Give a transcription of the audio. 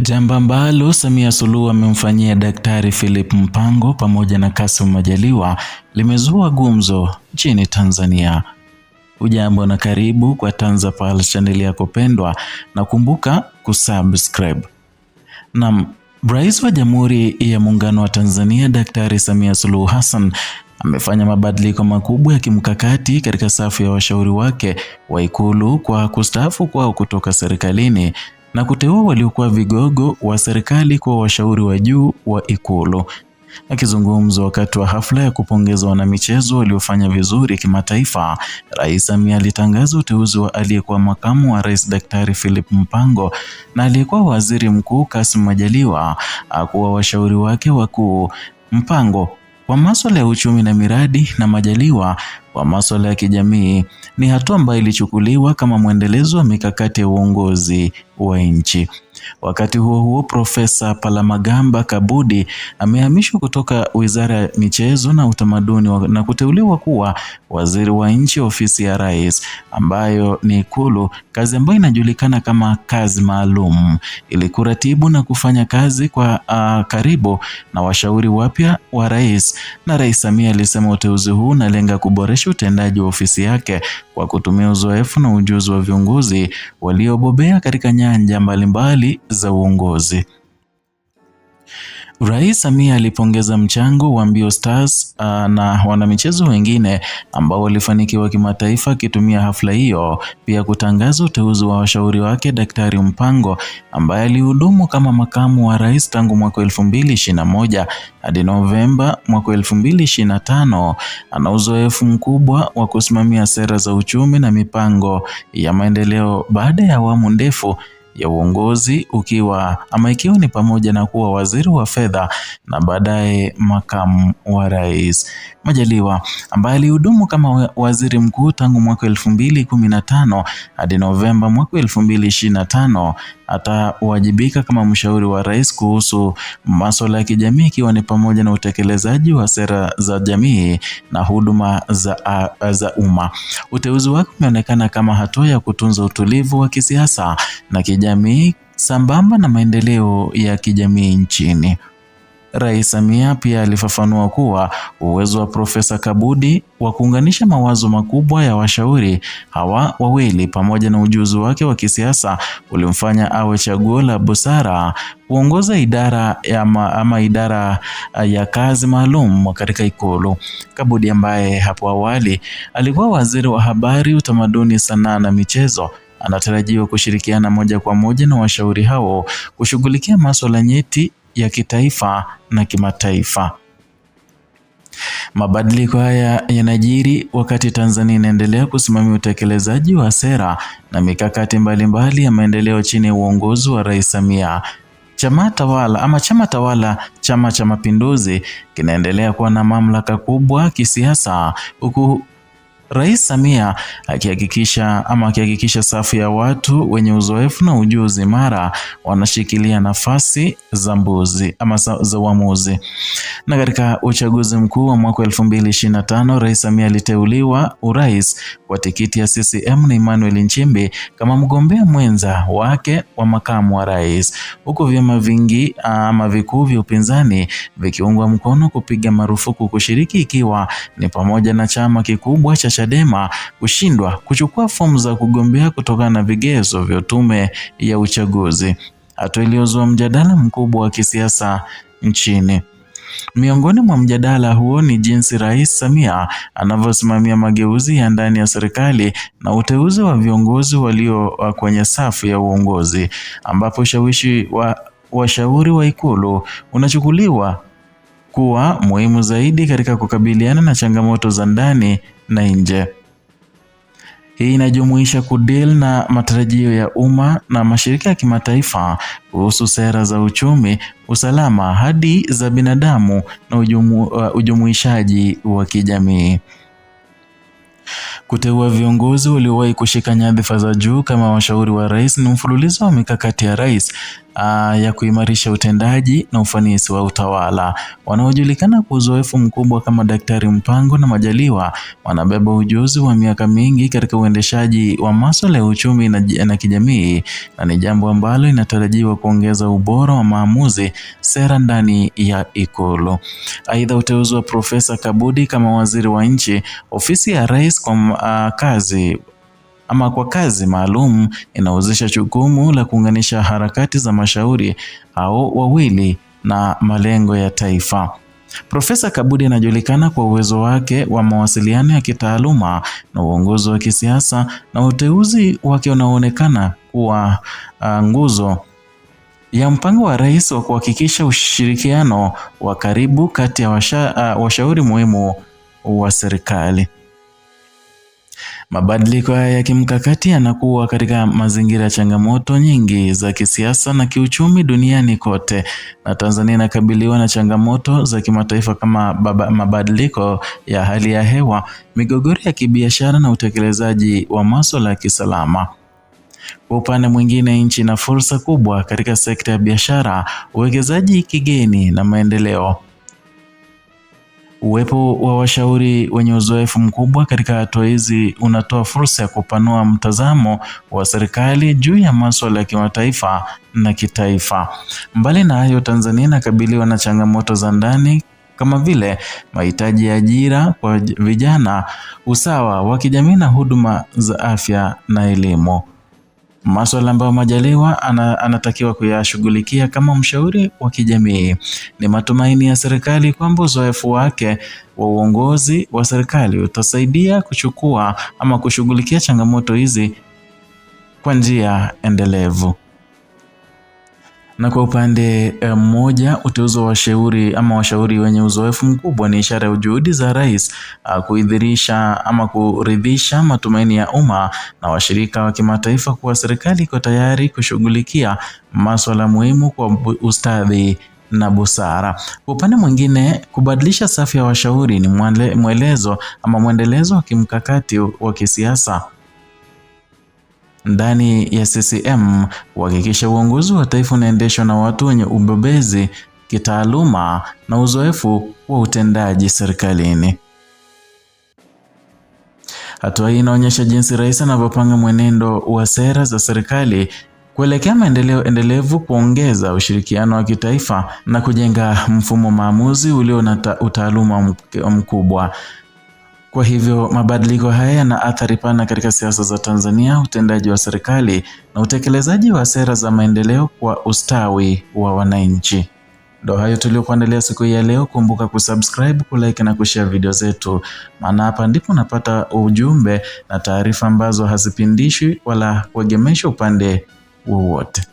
Jambo ambalo Samia Suluhu amemfanyia Daktari Philip Mpango pamoja na Kassim Majaliwa limezua gumzo nchini Tanzania. Ujambo na karibu kwa TanzaPulse channel yako pendwa, na kumbuka kusubscribe. Naam, Rais wa Jamhuri ya Muungano wa Tanzania Daktari Samia Suluhu Hassan amefanya mabadiliko makubwa ya kimkakati katika safu ya washauri wake wa Ikulu kwa kustaafu kwao kutoka serikalini na kuteua waliokuwa vigogo wa serikali kuwa washauri wa juu wa Ikulu. Akizungumza wakati wa hafla ya kupongeza wanamichezo waliofanya vizuri kimataifa, Rais Samia alitangaza uteuzi wa aliyekuwa makamu wa rais Daktari Philip Mpango na aliyekuwa waziri mkuu Kassim Majaliwa kuwa washauri wake wakuu. Mpango kwa masuala ya uchumi na miradi na Majaliwa kwa masuala ya kijamii. Ni hatua ambayo ilichukuliwa kama mwendelezo wa mikakati ya uongozi wa nchi. Wakati huo huo, Profesa Palamagamba Kabudi amehamishwa kutoka Wizara ya Michezo na Utamaduni na kuteuliwa kuwa Waziri wa Nchi Ofisi ya Rais, ambayo ni Ikulu, kazi ambayo inajulikana kama kazi maalum, ili kuratibu na kufanya kazi kwa uh, karibu na washauri wapya wa rais. Na Rais Samia alisema uteuzi huu unalenga kuboresha utendaji wa ofisi yake kwa kutumia uzoefu na ujuzi wa viongozi waliobobea katika nyanja mbalimbali za uongozi. Rais Samia alipongeza mchango wa Mbio Stars ah, na wanamichezo wengine ambao walifanikiwa kimataifa akitumia hafla hiyo pia kutangaza uteuzi wa washauri wake Daktari Mpango ambaye alihudumu kama makamu wa rais tangu mwaka 2021 hadi Novemba mwaka 2025. Ana uzoefu mkubwa wa kusimamia sera za uchumi na mipango ya maendeleo baada ya awamu ndefu ya uongozi ukiwa ama ikiwa ni pamoja na kuwa waziri wa fedha na baadaye makamu wa rais. Majaliwa ambaye alihudumu kama waziri mkuu tangu mwaka elfu mbili kumi na tano hadi Novemba mwaka elfu mbili ishirini na tano atawajibika kama mshauri wa rais kuhusu masuala ya kijamii ikiwa ni pamoja na utekelezaji wa sera za jamii na huduma za, za umma. Uteuzi wake umeonekana kama hatua ya kutunza utulivu wa kisiasa na kijamii jamii sambamba na maendeleo ya kijamii nchini. Rais Samia pia alifafanua kuwa uwezo wa Profesa Kabudi wa kuunganisha mawazo makubwa ya washauri hawa wawili pamoja na ujuzi wake wa kisiasa ulimfanya awe chaguo la busara kuongoza idara ya ma, ama idara ya kazi maalum katika Ikulu. Kabudi ambaye hapo awali alikuwa waziri wa habari, utamaduni, sanaa na michezo anatarajiwa kushirikiana moja kwa moja na washauri hao kushughulikia masuala nyeti ya kitaifa na kimataifa. Mabadiliko haya yanajiri wakati Tanzania inaendelea kusimamia utekelezaji wa sera na mikakati mbalimbali mbali ya maendeleo chini ya uongozi wa Rais Samia. Chama tawala ama chama tawala, Chama cha Mapinduzi, kinaendelea kuwa na mamlaka kubwa kisiasa, huku Rais Samia akihakikisha ama akihakikisha safu ya watu wenye uzoefu na ujuzi mara wanashikilia nafasi za mbuzi ama za uamuzi. Na katika uchaguzi mkuu wa mwaka 2025 Rais Samia aliteuliwa urais kwa tikiti ya CCM na Emmanuel Nchimbi kama mgombea mwenza wake wa makamu wa rais, huku vyama vingi ama vikuu vya upinzani vikiungwa mkono kupiga marufuku kushiriki, ikiwa ni pamoja na chama kikubwa cha Chadema kushindwa kuchukua fomu za kugombea kutokana na vigezo vya tume ya uchaguzi, hatua iliyozua mjadala mkubwa wa kisiasa nchini. Miongoni mwa mjadala huo ni jinsi Rais Samia anavyosimamia mageuzi ya ndani ya serikali na uteuzi wa viongozi walio kwenye safu ya uongozi ambapo ushawishi wa washauri wa Ikulu unachukuliwa kuwa muhimu zaidi katika kukabiliana na changamoto za ndani na nje. Hii inajumuisha kudeal na matarajio ya umma na mashirika ya kimataifa kuhusu sera za uchumi, usalama, hadi za binadamu na ujumu, uh, ujumuishaji wa kijamii. Kuteua viongozi waliowahi kushika nyadhifa za juu kama washauri wa rais ni mfululizo wa mikakati ya rais uh, ya kuimarisha utendaji na ufanisi wa utawala. Wanaojulikana kwa uzoefu mkubwa kama Daktari Mpango na Majaliwa wanabeba ujuzi wa miaka mingi katika uendeshaji wa masuala ya uchumi na, na kijamii na ni jambo ambalo inatarajiwa kuongeza ubora wa maamuzi sera ndani ya Ikulu. Aidha, uteuzi wa Profesa Kabudi kama waziri wa nchi ofisi ya Rais kwa uh, kazi ama kwa kazi maalum inahusisha jukumu la kuunganisha harakati za mashauri au wawili na malengo ya taifa. Profesa Kabudi anajulikana kwa uwezo wake wa mawasiliano ya kitaaluma na uongozi wa kisiasa na uteuzi wake unaoonekana kuwa uh, nguzo ya mpango wa rais wa kuhakikisha ushirikiano wa karibu kati ya washa, uh, washauri muhimu wa serikali. Mabadiliko haya ya kimkakati yanakuwa katika mazingira ya changamoto nyingi za kisiasa na kiuchumi duniani kote, na Tanzania inakabiliwa na changamoto za kimataifa kama mabadiliko ya hali ya hewa, migogoro ya kibiashara na utekelezaji wa masuala ya kisalama. Kwa upande mwingine, nchi ina fursa kubwa katika sekta ya biashara, uwekezaji kigeni na maendeleo. Uwepo wa washauri wenye uzoefu mkubwa katika hatua hizi unatoa fursa ya kupanua mtazamo wa serikali juu ya masuala ya kimataifa na kitaifa. Mbali na hayo, Tanzania inakabiliwa na changamoto za ndani kama vile mahitaji ya ajira kwa vijana, usawa wa kijamii na huduma za afya na elimu. Maswala ambayo Majaliwa ana, anatakiwa kuyashughulikia kama mshauri wa kijamii. Ni matumaini ya serikali kwamba uzoefu wake wa uongozi wa serikali utasaidia kuchukua ama kushughulikia changamoto hizi kwa njia endelevu. Na kwa upande eh, mmoja, uteuzi wa washauri ama washauri wenye uzoefu mkubwa ni ishara ya juhudi za rais ah, kuidhirisha ama kuridhisha matumaini ya umma na washirika wa kimataifa kuwa serikali iko tayari kushughulikia masuala muhimu kwa ustadhi na busara. Kwa upande mwingine, kubadilisha safu ya washauri ni mwelezo ama mwendelezo wa kimkakati wa kisiasa ndani ya CCM kuhakikisha uongozi wa taifa unaendeshwa na watu wenye ubobezi kitaaluma na uzoefu wa utendaji serikalini. Hatua hii inaonyesha jinsi rais anavyopanga mwenendo wa sera za serikali kuelekea maendeleo endelevu, kuongeza ushirikiano wa kitaifa na kujenga mfumo maamuzi ulio na utaaluma mkubwa. Kwa hivyo mabadiliko haya yana athari pana katika siasa za Tanzania, utendaji wa serikali na utekelezaji wa sera za maendeleo kwa ustawi wa wananchi. Ndo hayo tuliokuandalia siku hii ya leo. Kumbuka kusubscribe, kulike na kushare video zetu, maana hapa ndipo unapata ujumbe na taarifa ambazo hazipindishwi wala kuegemeshwa upande wowote.